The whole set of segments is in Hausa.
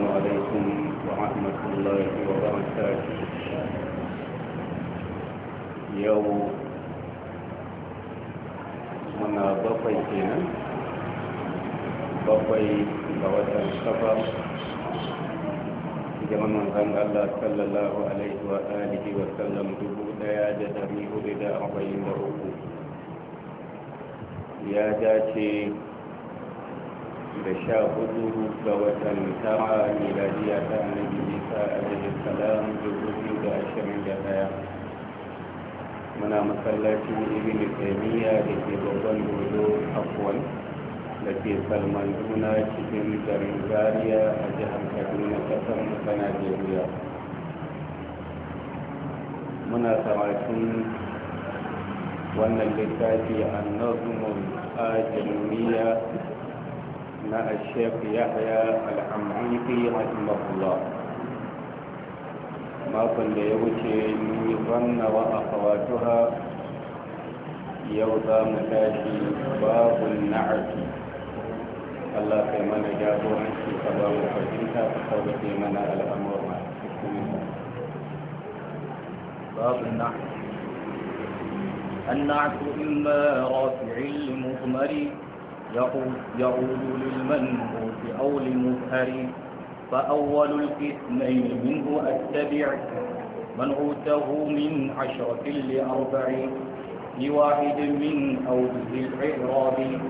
السلام عليكم ورحمة الله وبركاته يوم منا بقي هنا بقي بوات الخبر جمع من الله صلى الله عليه وآله وسلم دبودا يا جدريه لدى أربعين يا جاتي da sha hudu ga watan tara miladiya ta annabi isa alaihi salam dubu biyu da ashirin da daya muna masallacin ibn taymiya da ke babban dodo afwan da ke salman duna cikin garin zaria a jihar kaduna kasar ta najeriya muna karatun wannan littafi a ajamiyya مع الشيخ يحيى الحمعيقي رحمه الله ما كان يوشي من ظن وأخواتها يوضى متاشي باب النعت الله كما عنك عن شيء فقال فقوة منا الأمر باب النعت النعت إما رافع المضمر يعود للمنهوف أو لمظهر فأول الاثنين منه أتبع منعوته من عشرة لأربع لواحد من أوجه الإعراب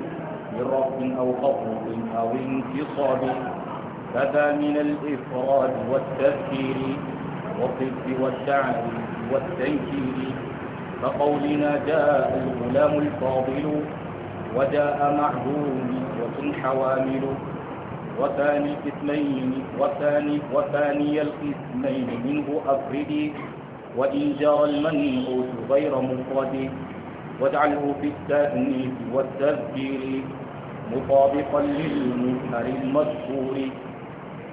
برفع أو خفض أو انتصاب فذا من الإفراد والتذكير والطب والتعريف والتنكير فقولنا جاء الغلام الفاضل وجاء معدوم وكن حوامله وثاني اثنين وثاني وثاني الاثنين منه أفردي وإن جرى المنعوت غير مفرد واجعله في التأنيث والتذكير مطابقا للمظهر المذكور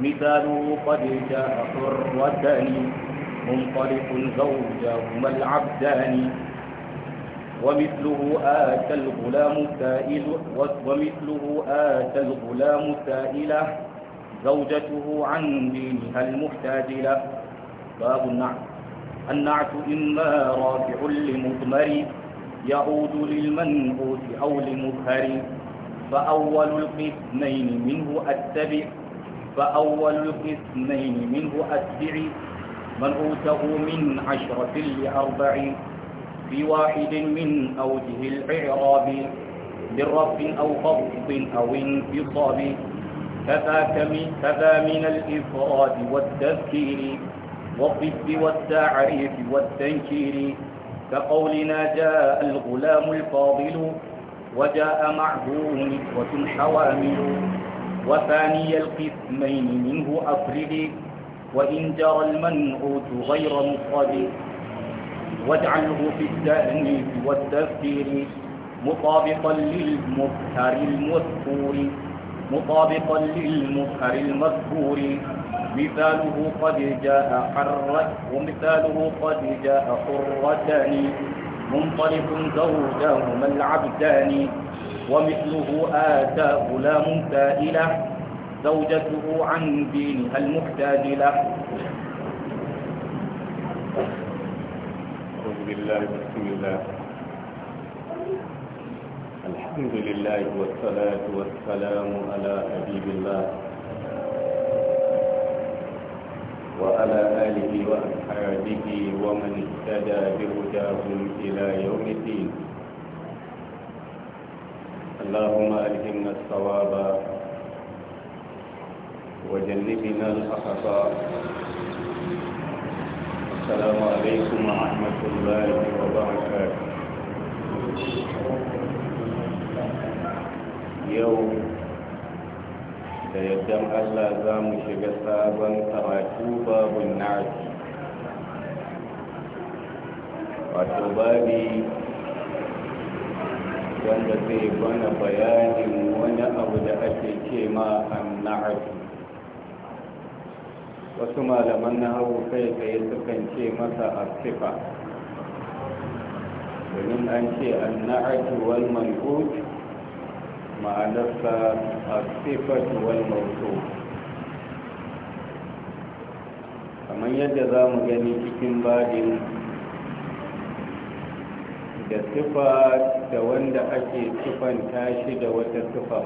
مثاله قد جاء حرتان منطلق زوجهما العبدان ومثله آتى الغلام سائل ومثله آتى الغلام سائلة زوجته عن دينها المحتاج له باب النعت النعت إما رافع لمضمر يعود للمنعوت أو لمظهر فأول القسمين منه أتبع فأول القسمين منه أتبع من أوته من عشرة لأربع بواحد من أوجه الإعراب برفع أو خفض أو انفصاب كذا من, كذا من الإفراد والتذكير والضد والتعريف والتنكير كقولنا جاء الغلام الفاضل وجاء معه نسوة حوامل وثاني القسمين منه أفرد وإن جرى المنعوت غير مفرد واجعله في التأنيث والتذكير مطابقا للمظهر المذكور مطابقا للمظهر المذكور مثاله قد جاء حرة ومثاله قد جاء حرتان منطلق زوجهما العبدان ومثله آتى غلام سائلة زوجته عن دينها المحتاج له الله بسم الله الحمد لله والصلاة والسلام على حبيب الله وعلى آله وأصحابه ومن اهتدى بهداهم إلى يوم الدين اللهم ألهمنا الصواب وجنبنا الأخطاء السلام عليكم ورحمة الله وبركاته يوم da yaddan Allah za mu shiga sabon karatu babun na'ati wato babi wanda zai bana bayanin wani abu da ake ce ma an na'ati wasu malaman na hau kai tsaye sukan ce masa asifa domin an ce an na'atu wal mal'ut ma'anarsa asifatu wal mautu kamar yadda za mu gani cikin badin da sifa da wanda ake sifanta shi da wata sifa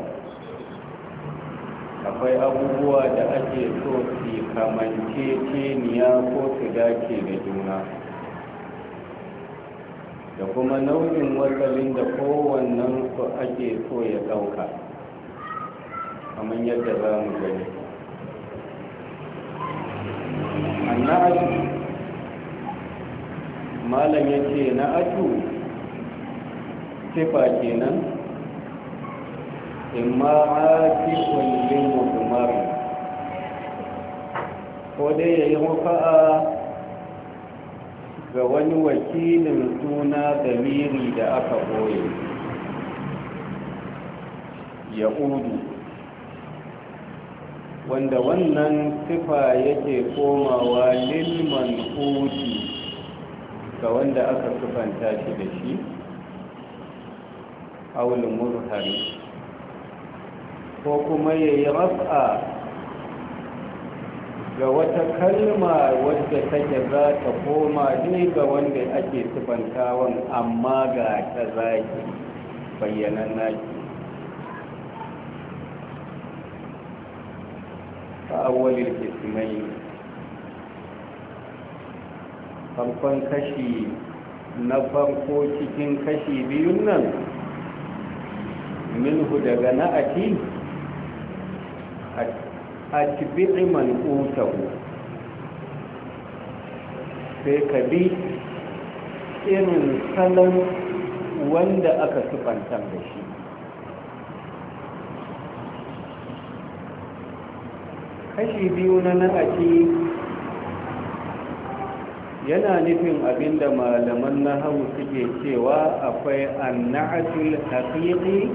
akwai abubuwa da ake so su kamance ceniya ko su dace da juna da kuma nau'in wasalin da kowannen su ake so ya ɗauka kamar yadda za mu gani malam ya ce na'atu sifa kenan imma akifun lil muhammad ko dai yayi mafa'a ga wani wakilin suna damiri da aka boye ya udu wanda wannan sifa yake komawa lilman udu ga wanda aka sufanta shi da shi aulin murhari ko kuma ya yi raf'a ga wata kalma wadda take za ta koma ne ga wanda ake sifantawan amma ga ta zaki bayyanan naki فأول الاسمين farkon kashi na farko cikin kashi biyun nan milhu daga na'aki. atbi'i utahu sai ka bi irin salon wanda aka sufantar da shi kashi biyu na na'aki yana nufin abinda malaman na hau suke cewa akwai na'atul haƙiƙi.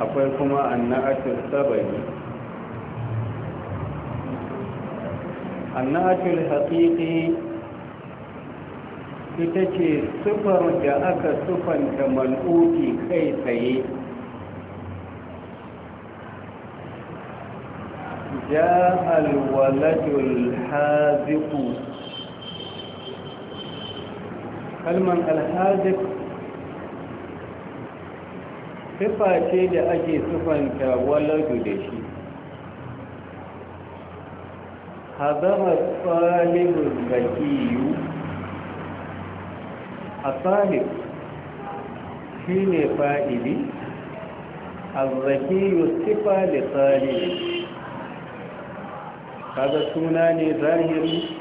akwai kuma anna'atul sabari anna'atul haƙiƙi ita ce sufar da aka sufanta mal'uki kai tsaye ja alwaladul haziku kalman alhaziku sifa ce da ake sufanta waladu da shi hazama tsalibin bakiyu a tsalib shi ne fa'ili azzakiyu sifa da tsalib kaga suna ne zahiri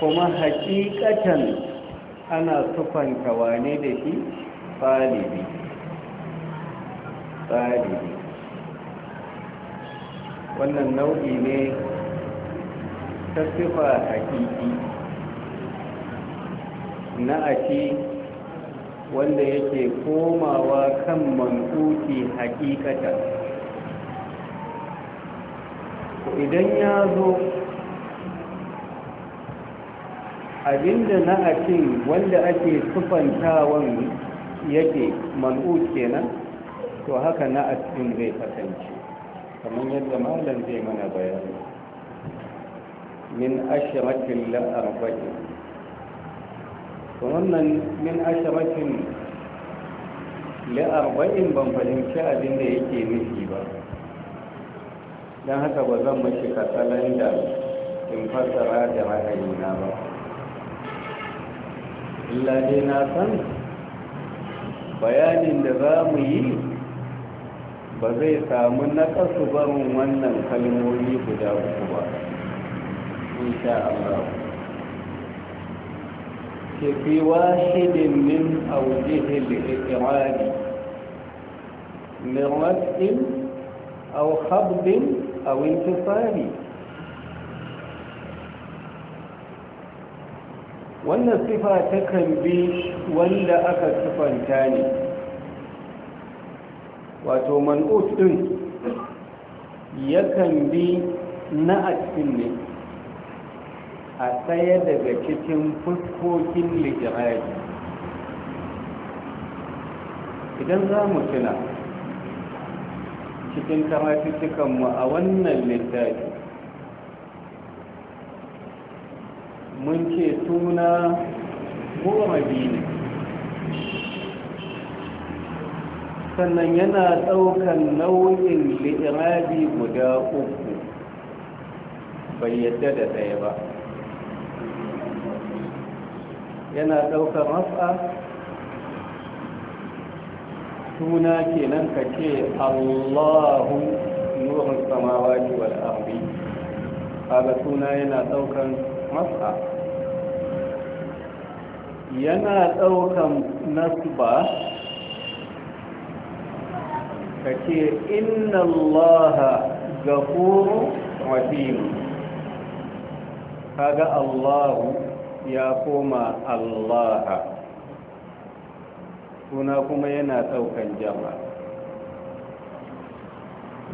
kuma hakikatan ana sufanta wane da shi falibi falibi wannan nau'i ne ta sifa hakiki na aki wanda yake komawa kan mantuki hakikatan idan ya zo abinda na akin wanda ake sufantawan yake mal'u kenan to haka na cikin zai kasance kamar yadda malam zai mana bayani min ashiratin la'arba'in wannan min ashiratin la'arba'in ban fahimci abinda yake nufi ba don haka ba zan mashi katsalan da in fasara da na ba illa dai na san bayanin da za mu yi ba zai samu nakasu barin wannan kalmomi guda uku ba insha Allah ke fi wahidin min aujihil iqrari min rafin aw khabdin aw intisari wannan sifa ta bi wanda aka sifanta ne wato man'ut din ya bi na akin ne a tsaye daga cikin fuskokin lijirari idan za mu tuna cikin karatuttukanmu a wannan littafi mun ce suna goma biyu sannan yana ɗaukan nau'in li'irabi guda uku bai yadda da ɗaya ba yana ɗaukar rafa suna kenan ka ce allahu nuhun samawa wal ardi kaga tuna yana ɗaukan rafa yana ɗaukan nasba ka ce inna allaha gafuru rahim kaga allahu ya koma allaha suna kuma yana ɗaukan jama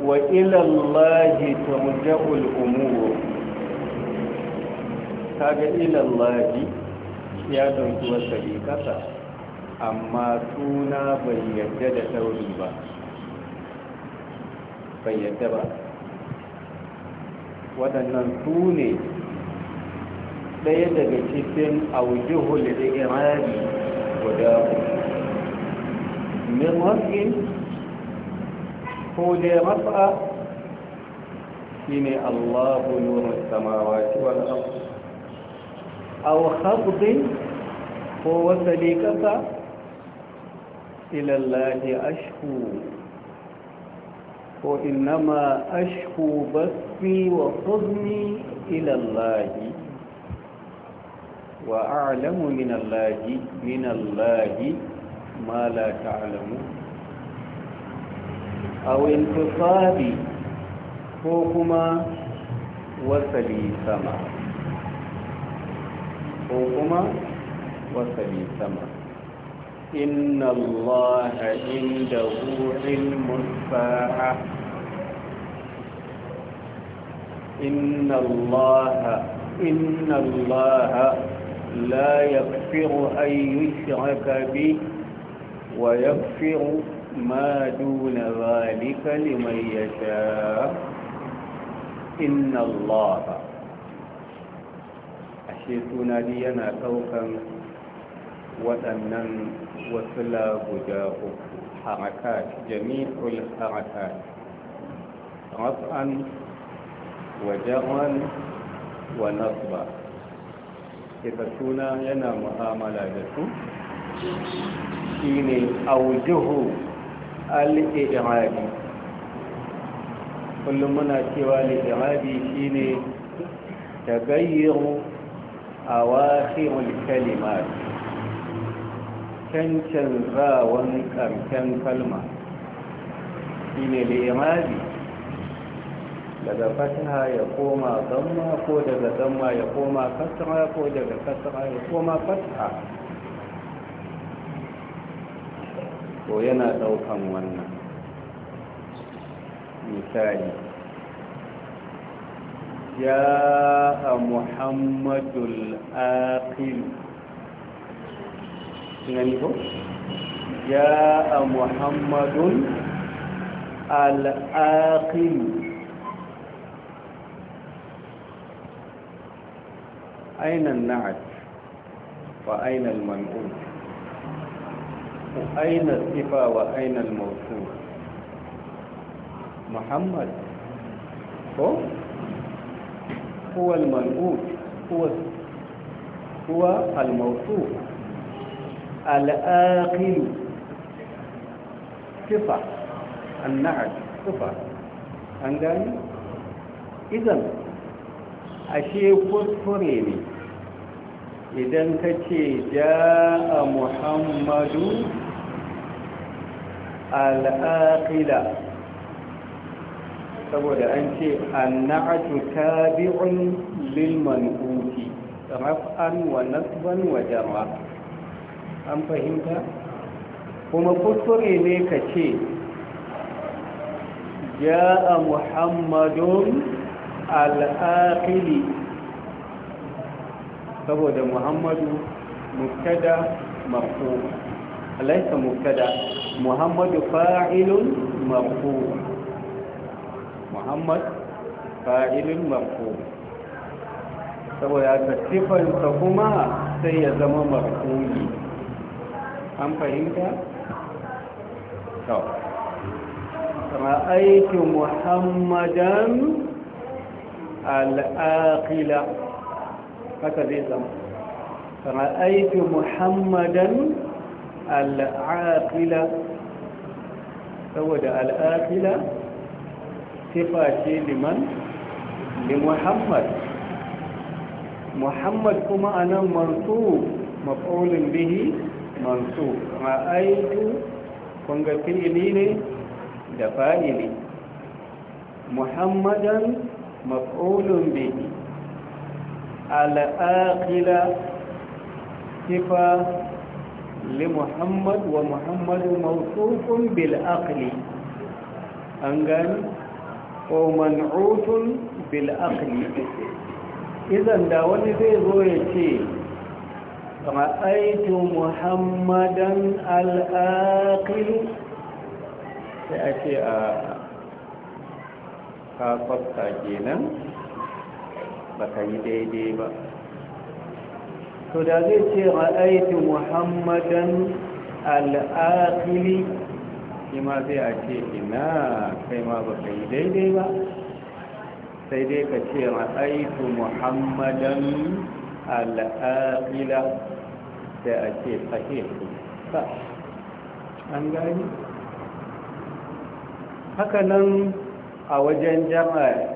wa ilallahi turja'ul umur kaga ilallahi ya ɗauki wata bai kasa amma suna bai yadda da sauri ba bai yadda ba waɗannan su ne ɗaya daga cikin aujihul irari guda min rafin ko dai rafa shine allahu nurul samawati wal ardh aw khafdin ko wasali kasa ilallahi ashku ko innama ashku basfi wa huzni ilallahi wa a'lamu minallahi minallahi ma la ta'lamu aw intisabi ko kuma wasali sama حقوقهما وسبيل ثمر إن الله عنده علم الساعة إن الله إن الله لا يغفر أن يشرك به ويغفر ما دون ذلك لمن يشاء إن الله shi suna ni yana ɗaukan waɗannan wasila guda uku harakat jami'ul harakat raf'an wa jar'an wa nasba ita suna yana mu'amala da su Shi ne al-i'rabi kullum muna cewa al-i'rabi shine tagayyuru أواخر الكلمات كنشن راون karken kalma shine الإمام daga fatiha ya koma zama ko daga zama ya koma kasra ko daga kasra ya koma fataha ko yana daukan wannan misali جاء محمد الآخر جاء محمد الآخر أين النعت وأين المنعوت وأين الصفة وأين الموصول محمد هو huwa al-mal'un huwa huwa al-mawsu al-aqil sifa an-na'at idan ashe kuskure ne idan ka ce ja'a muhammadu al saboda an ce annatu tabi'un lil manquti raf'an wa nasban wa jarra an fahimta kuma kuskure ne ka ce ja'a muhammadun al-akhili saboda muhammadu mubtada marfu alaysa mubtada muhammadu fa'ilun marfu muhammad fa'ilin marfu saboda ta sifansa kuma sai ya zama marfu'i an fahimta? to ra'aitu muhammadan al'aƙila haka zai zama ra'aitu muhammadan al'aƙila saboda al'aƙila sifa ce liman li muhammad muhammad kuma a nan mansu mafaulin bihi mansu ma'aiku kunga fi'ili ne da fa'ili muhammadan mafaulin bihi aqila sifa li muhammad wa muhammadu mawsufun bil aqli an gani ko man'utun bil aqli da wani zai zo ya ce ra'aitu muhammadan al sai a ce a kafafta kenan ba ka yi daidai ba to da zai ce ra'aitu muhammadan al shi ma sai a ce ina kai ma ba ka yi daidai ba sai dai ka ce ra'aitu muhammadan al'aqila sai a ce sahihu ba an gani haka nan a wajen jama'a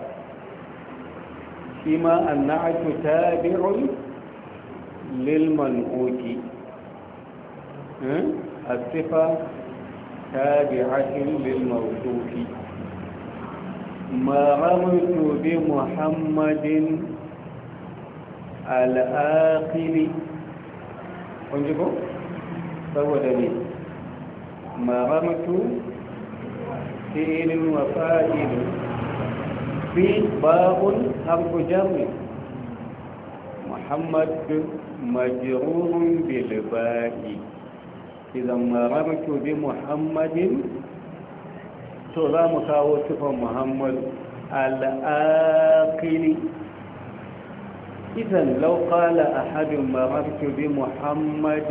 shi ma ta tabi'un lilman man'uti hmm? a sifa تابعة للموصوف ما رمت بمحمد الآخر كنجبو سوى دليل ما رمت فعل وفاعل في باب حرف جر محمد مجرور بالباء إذا مررت بمحمد ترى مكاوتف محمد الآقل إذا لو قال أحد مررت بمحمد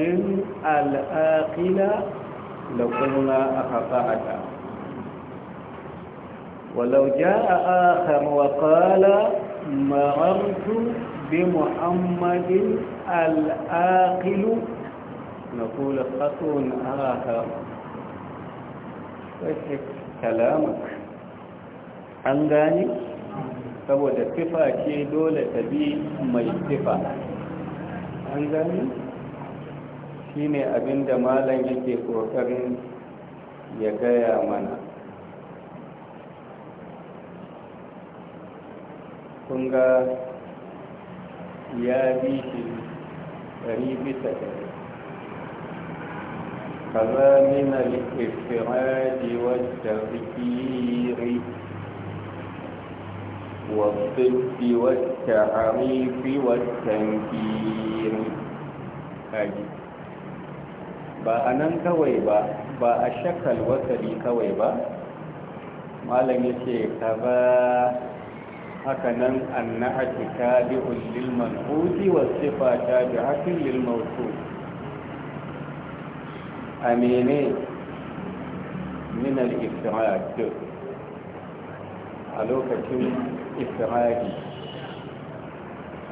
الآقل لقلنا أخطأت ولو جاء آخر وقال مررت بمحمد الآقل نقول خطو آخر وشك كلامك an gani saboda tifa ce dole ta bi mai tifa an gani shi ne abinda malam yake kokarin ya gaya mana kunga ya bi shi 100 bisa فما من الإفراد والتغيير والضد والتعريف والتنكير kaji ba a nan kawai ba ba a shakal wasari kawai ba malam ya ce ka ba haka nan an ta bi ulil manhuti wasu fata da hakin lil mautu a mene minar ifiraki a lokacin ifiraki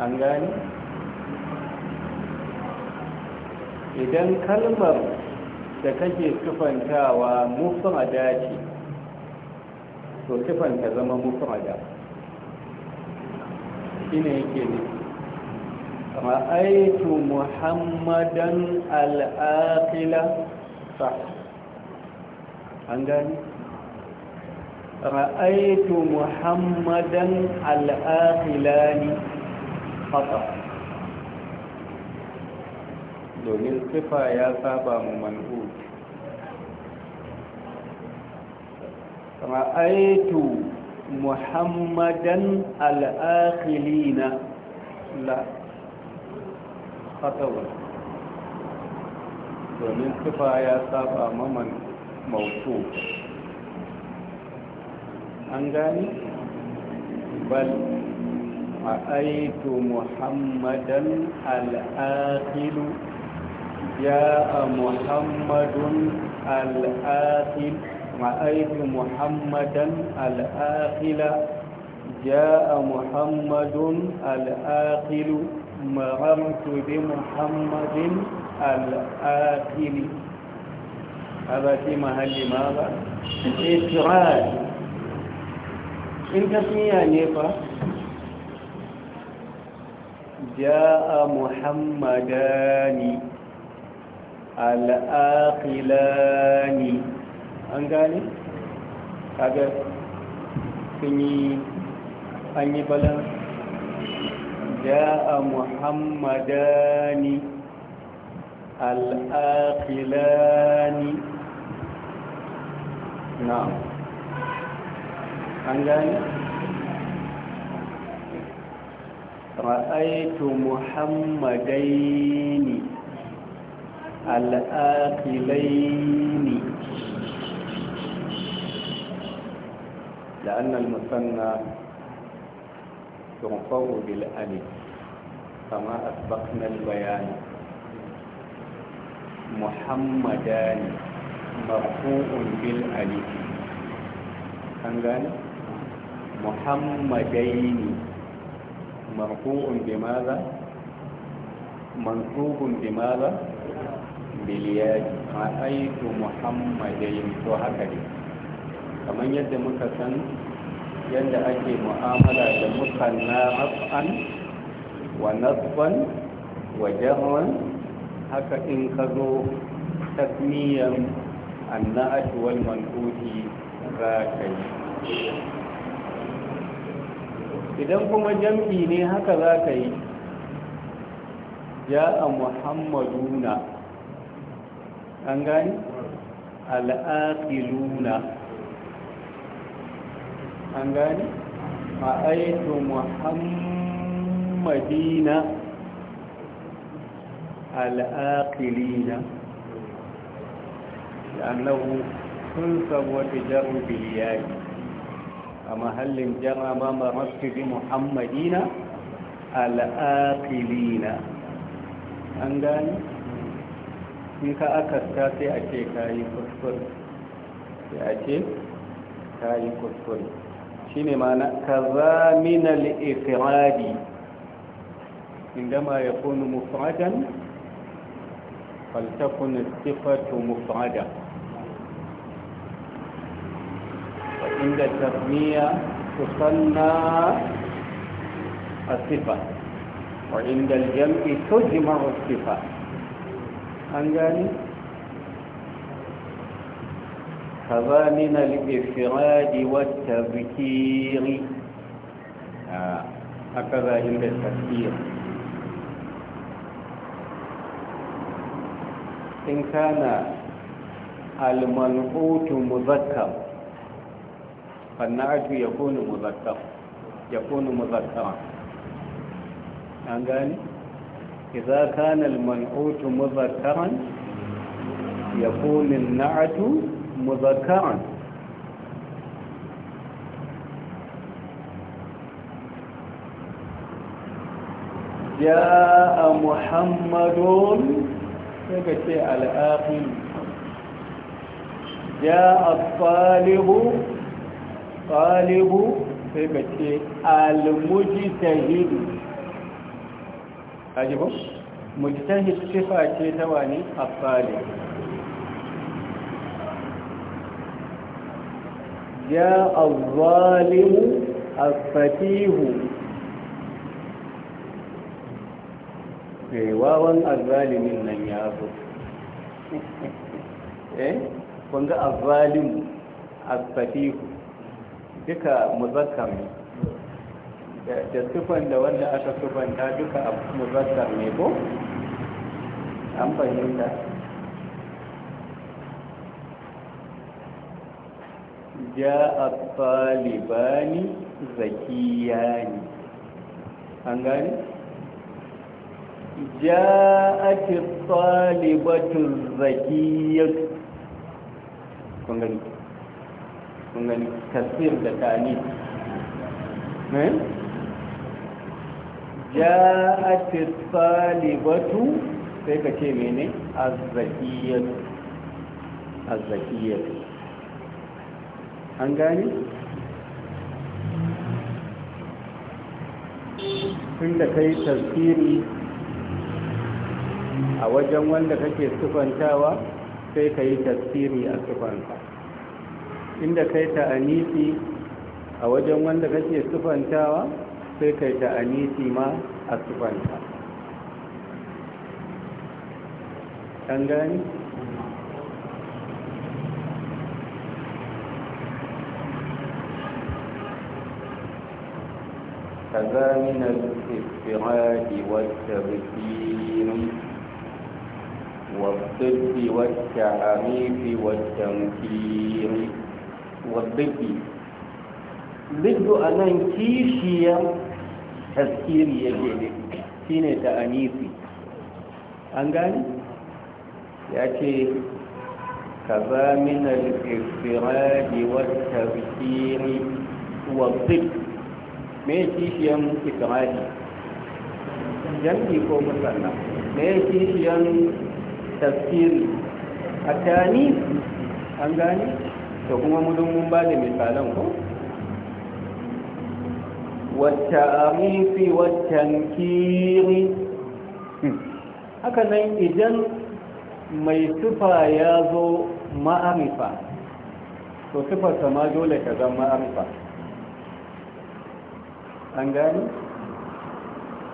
an gani idan kalmar da kake sufantawa mufrada ce to sufanta zama mufrada shine yake ne ra'aitu muhammadan al'aqila an gani ra'aitu muhammadan al'ahilani fata domin sifa ya saba mu manhu ra'aitu muhammadan al'ahilina la fata wani domin sifa ya saba maman mautu an gani bal ma'aitu muhammadan al'akilu ya a muhammadun al'ahil ma'aitu muhammadan al'akila ya a muhammadun al'akilu محمد الآخل مرمت بمحمد al’akili a ba fi mahalli ma ba e tirari in tafiya ne ba muhammadani al’akilani an gani? kaga sun yi an yi balan muhammadani الآقلان نعم أنجاني رأيت محمدين الآقلين لأن المثنى ينفو بالألف كما أسبقنا البيان muhammadani marfu'un bil alif an gane muhammadaini marfu'un bi maza mansubun bi maza biliyadi ra'aytu muhammadaini to haka ne kamar yadda muka san yadda ake mu'amala da musanna raf'an wa nasban wa jarran haka in ka zo tasmiyan annash wal manquti za ka yi idan kuma jam'i ne haka za ka yi a muhammaduna an gani al'aqiluna an gani ma'aitu muhammadina العاقلين لأنه تنصب وتجر بالياج أما هل جرى أمام رسل محمدين العاقلين عندنا إنك أكثر سيأتي كاي كثر سيأتي كاي كثر شيني معنى كذا من الإفراد عندما يكون مفردا فلتكن الصفة مفردة وعند التسمية تصنى الصفة وعند الجمع تجمع الصفة أنجاني كذا من الإفراد والتبكير آه، هكذا آه. عند التذكير in kana almalhutu muzakkar fanna'atu ya kone muzakkar ya a muzakkar an gani iza kana ya na'atu جاء محمد sai ka ce al'aqilu ya talibu talibu sai ka ce al-mujtahidu ajibu mujtahid sifa ce ta wani afali ya al-zalimu wawan azalimin nan ya zo eh kunga azalim asfatihu duka muzakkar ne da sufan da wanda aka sufanta duka muzakkar ne ko an fahimta ja a talibani zakiyani an gani ja'at at-talibatu az-zakiyyah kun gani kun gani tafsir da tani eh ja'at at-talibatu sai ka ce mene az-zakiyyah az-zakiyyah an gani tun da kai tafsiri a wajen wanda kake sufantawa sai ka yi tasiri a sufanta inda ka yi ta'anisi a wajen wanda kake sufantawa sai ka yi ta'anisi ma a sufanta ɗan gani كذا من الاستفراج والتبكير والضد والتعريف والتنكير والضد ضد أنا كيشيا تذكير يجي شيني تأنيفي أنقاني يأتي كذا من الإفراد والتذكير والضد ما كيشيا إفرادي جنبي كو مثلا ما كيشيا tafsiri a tani an gani da kuma mudun mun ba da misalan ko wata arifi watan kiri Hakanan nan idan mai sufa ya zo ma'arifa to sufarsa ma dole ta zama ma'arifa an gani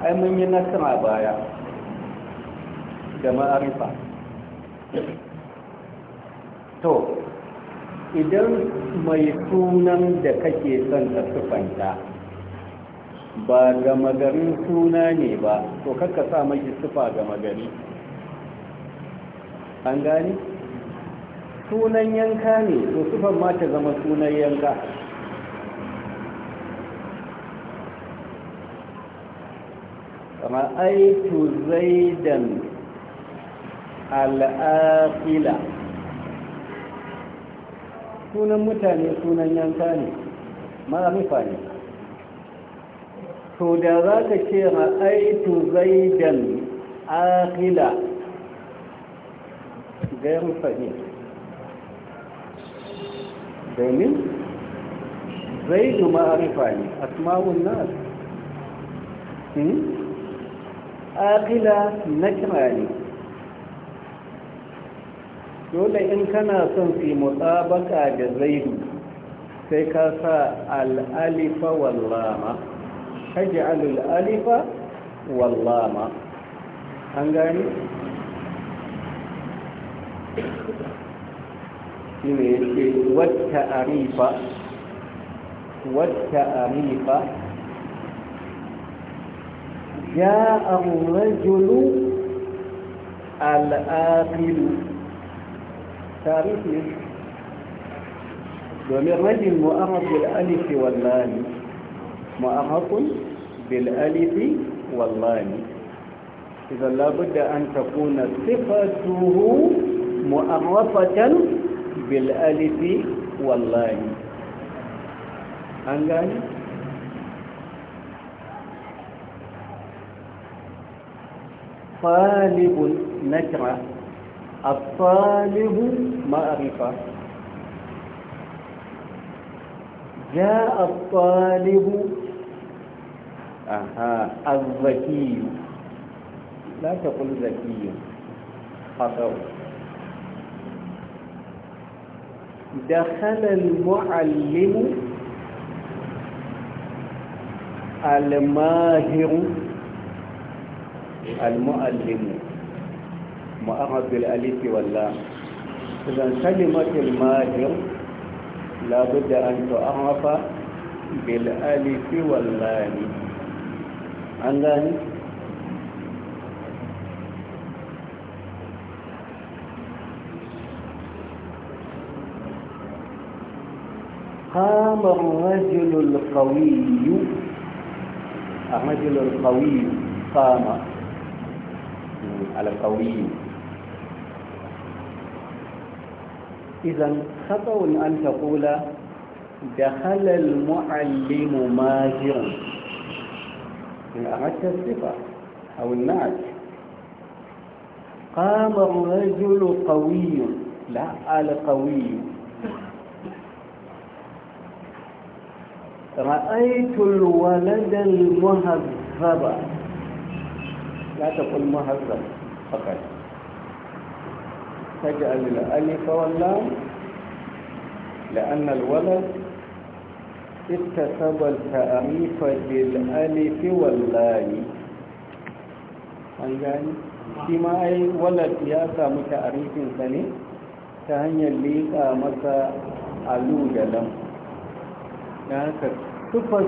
ai mun yi nasara baya da ma'arifa to idan mai sunan da kake son ka sufanta ba ga garin suna ne ba to kakka sa mashi sufa gama gari an gani sunan yanka ne to sufan ma ta zama sunan yanka kama aitu zaidan al'aqila sunan mutane sunan yanka ne nufa ne to da za ka ce ra'aitu zaidan aqila yin fahim domin zaidu ma'arifa ne a asma'un nas hmm? aqila kira ne dole in kana son fi mutsabaka da zaid sai ka sa al-alifa wal-lama al'alifa al shaji wal wallama an gani shi ne ce wata arifa wata arifa ya amurajulu al'afilu تعريف مصر ومن رجل مؤرخ بالألف واللام مؤرخ بالألف واللام إذا لابد أن تكون صفته مؤرفة بالألف واللام قال طالب نكره الطالب معرفة جاء الطالب أها الذكي لا تقل ذكي خطأ دخل المعلم الماهر المعلم مؤخذ بالالف واللام اذا كلمه الماجر لا بد ان تعرف بالالف واللام عندنا قام الرجل القوي الرجل القوي قام على القوي إذا خطأ أن تقول دخل المعلم ماجرا إن أردت الصفة أو النعت قام الرجل قوي لا آل قوي رأيت الولد المهذب لا تقل مهذب فقط تجعل الألف واللام لأن الولد اكتسب التأليف بالألف واللام an gani shi ma ai walad ya samu ta'arifinsa ne ta hanyar liƙa masa alu da lam da haka tuffar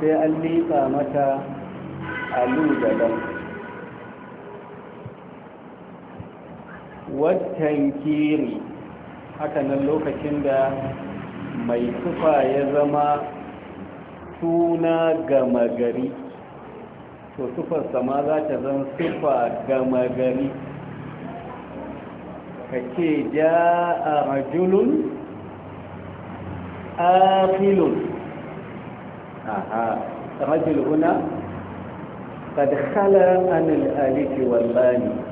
sai an liƙa mata alu da lam wattankiri haka nan lokacin da mai tufa ya zama suna gama gari to tufarsa sama za ta zan sufa gama gari ka ce ja a rajulun afilun aha rajul huna قد خلى عن wallani.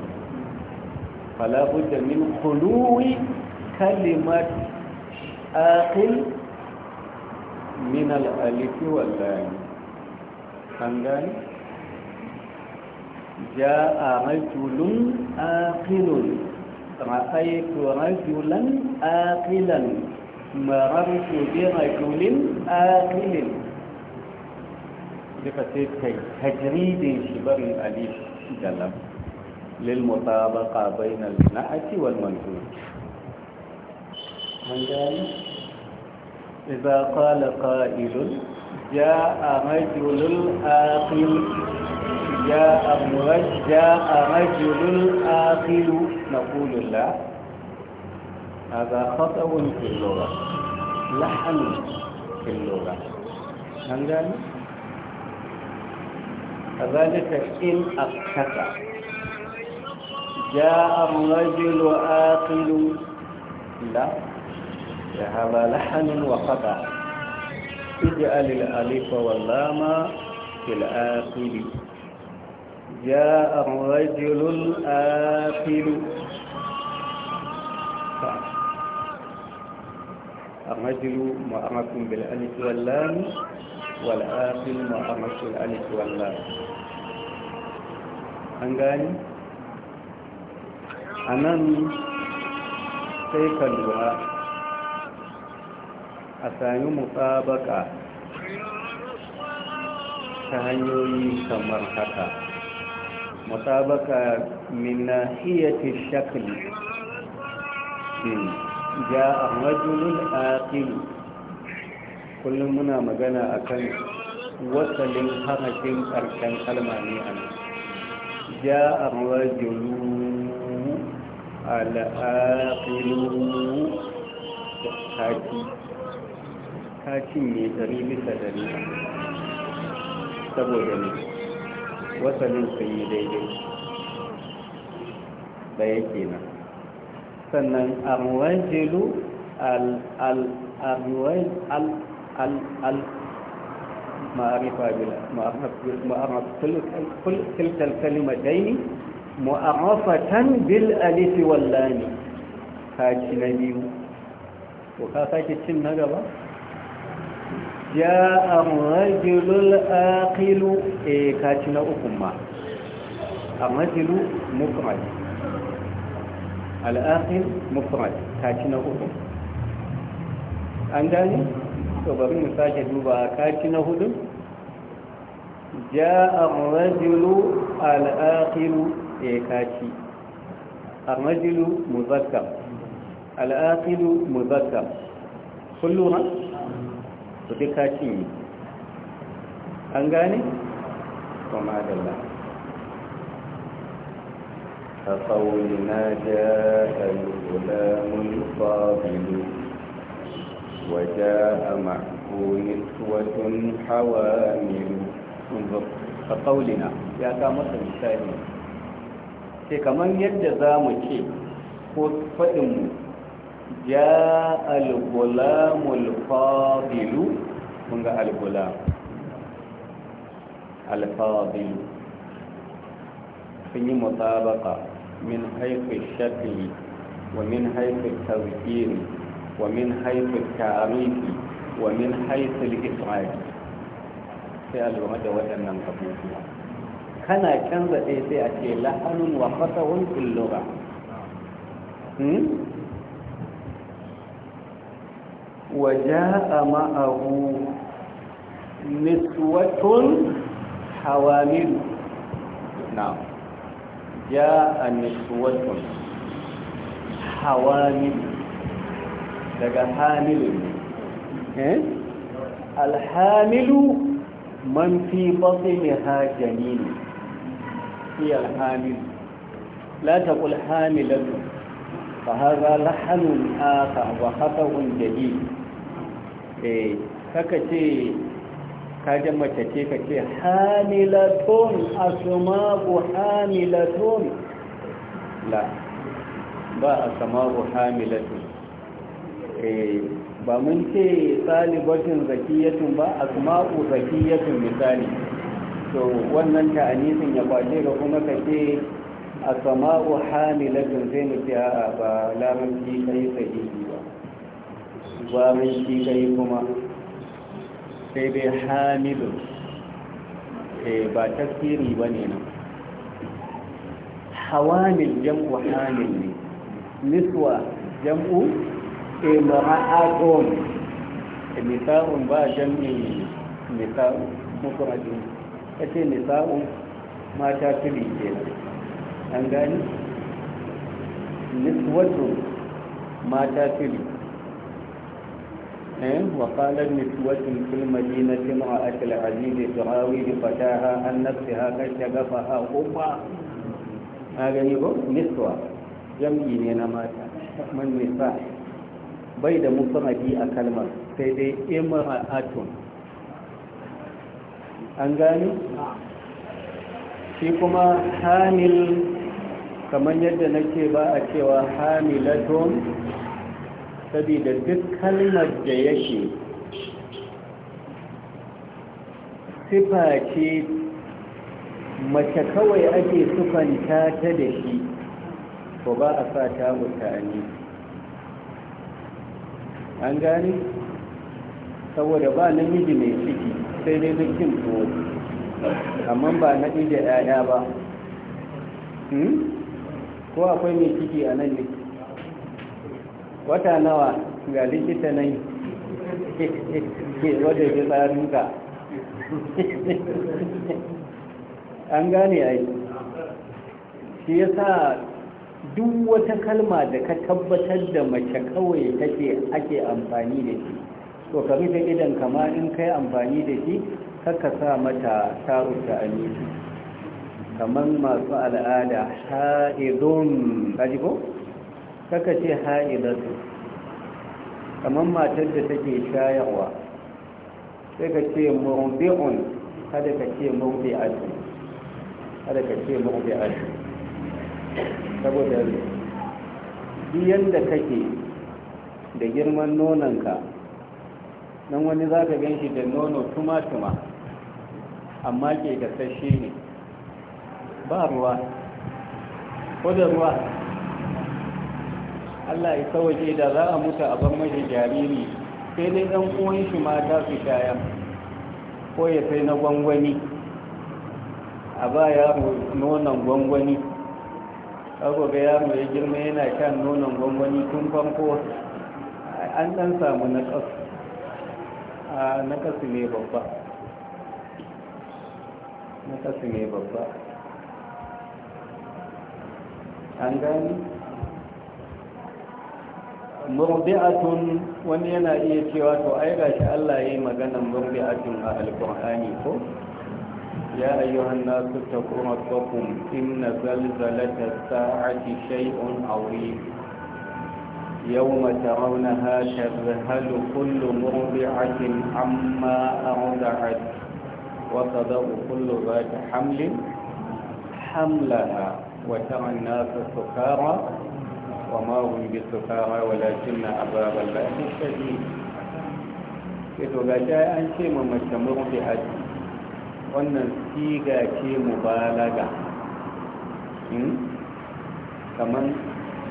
فلا بد من خلو كلمة آخر من الألف واللام خندان جاء رجل آقل رأيت رجلا آقلا مررت برجل آقل بقصيد تجريد شبر الألف جلب للمطابقة بين النعت والمنهوج إذا قال قائل جاء رجل اخر جاء جاء رجل اخر نقول لا هذا خطأ في اللغة لحن في اللغة من ذلك كذلك إن أخطأ جاء الرجل آقل لا هذا لحن وقطع اجعل الألف واللام في الآخر جاء الرجل الآخر الرجل مؤنث بالألف واللام والآخر مؤنث بالألف واللام أنقاني a nan sai ka lura a sami mutsabaka ta hanyoyi kamar haka mutsabaka min shakali shakli ya a rajulun aqil kullum muna magana akan wasalin harafin karshen kalma a nan a rajulun al'aƙilu haki hakin ne dari bisa dari saboda ne wasanin sun yi daidai da yake nan sannan arwajilu al-ma'arifa bil ma'arif tilkal kalimatayni mu'arrafatan bil alif wal lam ka ci na biyu ko ka sake cin na gaba ya amrajul aqil e eh, ka ci na uku ma amrajul mufrad al aqil mufrad ka ci na uku an dani to bari mu sake duba ka ci na hudu ja amrajul al aqil ya kashi armajilu muzakkar al'aqilu muzakkar kun lura su duk kashi ne. an gane? kuma da la فقولنا جاء الغلام الفاضل وجاء معه نسوة حوامل انظر فقولنا يا sa مثالي sai kamar yadda za mu ce ko faɗinmu ja al-gulamul fadilu mun ga al-gulam al-fadilu sun yi mutabaka min haifin shafi wa min haifin tawkiri wa min haifin tarihi wa min haifin isra'il sai alwama da waɗannan abubuwa kana canza ɗaya sai a ce la'anun wa fasahun illura hmm? wa a ma'abu niswatun hawamin na ja a niswatun hawamin daga hamilin eh? alhamilu man fi basi ne ha janini هي الحامل لا تقل حاملة فهذا لحن آخر وخطأ جديد فكتي kajan ce ka ce hamilatun asma'u hamilatun la ba asma'u hamilatun eh ba mun ce salibatun zakiyatun ba asma'u zakiyatun misali to wannan ta'anisin ya kwace ga kuma ka ce a sama'u hamilatun zai mu ce a ba lamanci kai sahihi ba ba mai shi kai kuma sai dai hamilun ba tasiri ba ne nan hawamil jam'u hamil ne niswa jam'u imra'atun nisa'un ba jam'i nisa'un mukurajin ka ce nisa'u mata tuli ke an gani niswatu mata tuli ɗin eh, wakalar niswatu kulmadi na jima a ashe la'azi da suhawi da fata ha an nafi ha kan shaga faha kuma a gani ba niswa jam'i ne na mata man nisa bai da musamadi a kalmar sai dai imar atun an gani shi kuma hamil kamar yadda nake ba a cewa hamilaton sabida duk kalmar da yake sifa ce mace kawai ake sufanta ta da shi ko ba a sa ta mutane an gani saboda ba namiji mai ciki sai dai na cin tuwo amma ba na ɗiga ‘ya'ya ba hmm? ko akwai mai ciki a nan ne wata nawa ga likita nan ke wadda tsarin tsarinka an gane yi shi ya sa duk wata kalma da ka tabbatar da mace kawai take ake amfani da shi to ka rufe idan kama in kai amfani da shi kakka sa mata sharuta a miki kamar masu al'ada ha'idun kaji ko? kakka ce ha'idatu kamar matar da take shayarwa sai ka ce murbi'un kada ka ce murbi'atu kada ka ce murbi'atu saboda biyan da kake da girman nonanka Nan wani za ka gan shi da nono tuma-tuma amma ke gasashe ne ba ruwa ko da ruwa allah ya sauke da za a mutu a da jariri sai dai ɗan ƙuwan shi mata su shaya ko ya sai na gwangwani a ba yaro nonon gwangwani ga yaro ya girma yana shan nonon gwangwani tun farko an ɗan samu na ƙasa a na kasu ne babba na kasu ne babba an gani murbi'atun wani yana iya cewa to ai gashi Allah yi magana murbi'atun a alqur'ani ko ya ayyuhan nasu taqu rabbakum inna zalzalata as-sa'ati shay'un 'azim يوم ترونها تذهل كل مرضعة عما أرضعت وتضع كل ذات حمل حملها وترى الناس سكارى وما هم بسكارى ولكن أباب الله الشديد إذا جاء أن شيء ممتمر بأجل wannan siga ce مبالغة كمان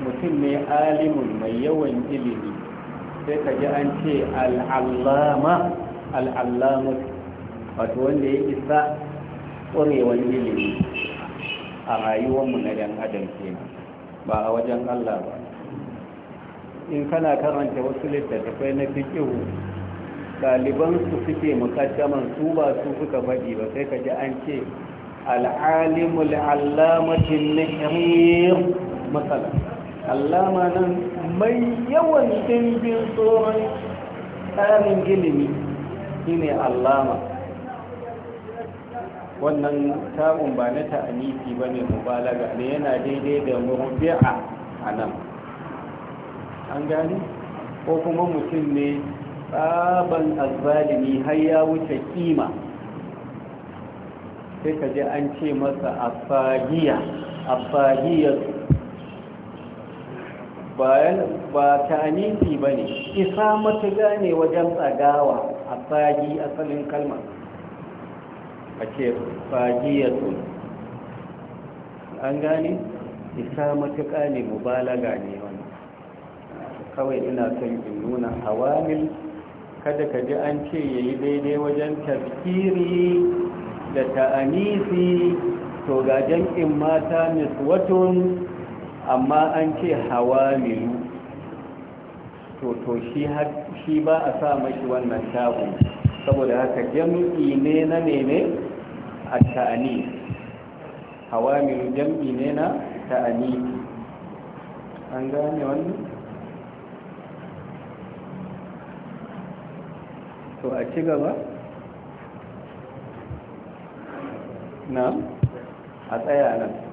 mutum ne alimun mai yawan ilimi sai ka ji an ce al'allama al'allamus wato wanda ya isa ƙwarewar ilimi a rayuwarmu na ɗan adam kenan ba a wajen allah ba in kana karanta wasu littattafai na fikihu ɗaliban su suke mukaddaman su ba su suka faɗi ba sai ka ji an ce al'alimul allamatin nihrir matsala allama nan mai yawan dimbin tsoron tsarin ilimi shine allama wannan taron ba na ta'anisi ba ne mubalaga ne yana daidai da murbi'a a an gani ko kuma mutum ne tsaban azzalimi har ya wuce kima sai ka an ce masa afagiya ba ta aminci ba ne isa mata ne wajen tsagawa a tsagi asalin kalmar a ce ya tsagiyatun an gane isa matuƙa ne mubalaga ne wani kawai ina son in nuna hawamil kada ka ji an ce ya yi daidai wajen tafkiri da ta'anisi to ga jam'in mata miswatun amma an ce hawa to to shi ba a sa mashi wannan shagun saboda haka jam'i ne na mene a ta'ani hawa hawamilu jam'i ne na ta'ani an gane wannan to a ci gaba na a tsaya nan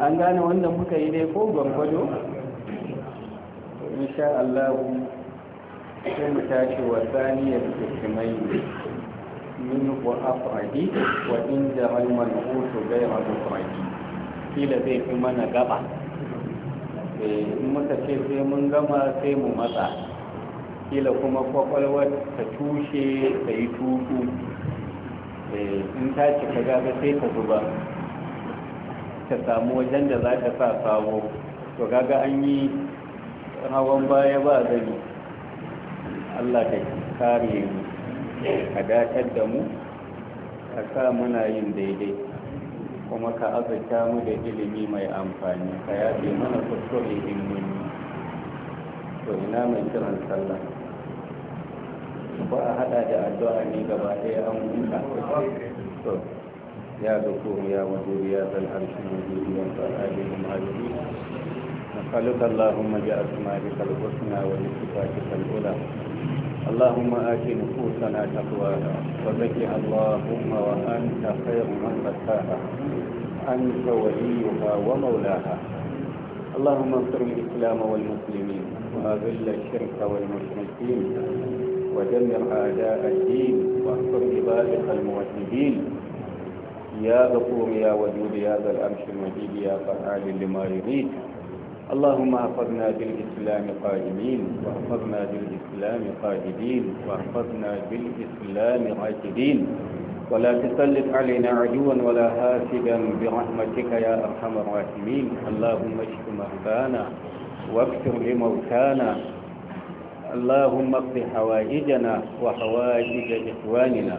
an gane wanda muka yi dai ko gwangwado insha Allah sai mu tashi wa saniyar ikimai min wa afradi wa inda halman hoto gaya wa mufradi kila zai fi mana gaba eh, in muka ce sai mun gama sai mu matsa kila kuma kwakwalwar ta tushe ta yi tutu eh, in ta cika gaba sai ta zuba Ka samu wajen da za ta sa sabo to kaga an yi hawan baya ba zani allah ka kare mu ka datar da mu ka sa muna yin daidai kuma ka azurta mu da ilimi mai amfani ka yafe mana kuskure in to ina mai kiran sallah ba a hada da addu'a ne gaba ɗaya an to يا غفور يا ودود يا ذا العرش المجيد وانت العالم العالمين نسألك اللهم جاء اسمائك الحسنى ولصفاتك الأولى اللهم آت نفوسنا تقواها وزكها اللهم وأنت خير من زكاها أنت وليها ومولاها اللهم انصر الإسلام والمسلمين وأذل الشرك والمشركين ودمر أعداء الدين واحفظ عبادك الموحدين يا غفور يا ودود يا ذا الأمش المجيد يا فعال لما يريد اللهم احفظنا بالإسلام قائمين واحفظنا بالإسلام قائدين واحفظنا بالإسلام عاكدين ولا تسلط علينا عدوا ولا هاسدا برحمتك يا أرحم الراحمين اللهم اشف مرضانا واكثر لموتانا اللهم اقض حوائجنا وحوائج إخواننا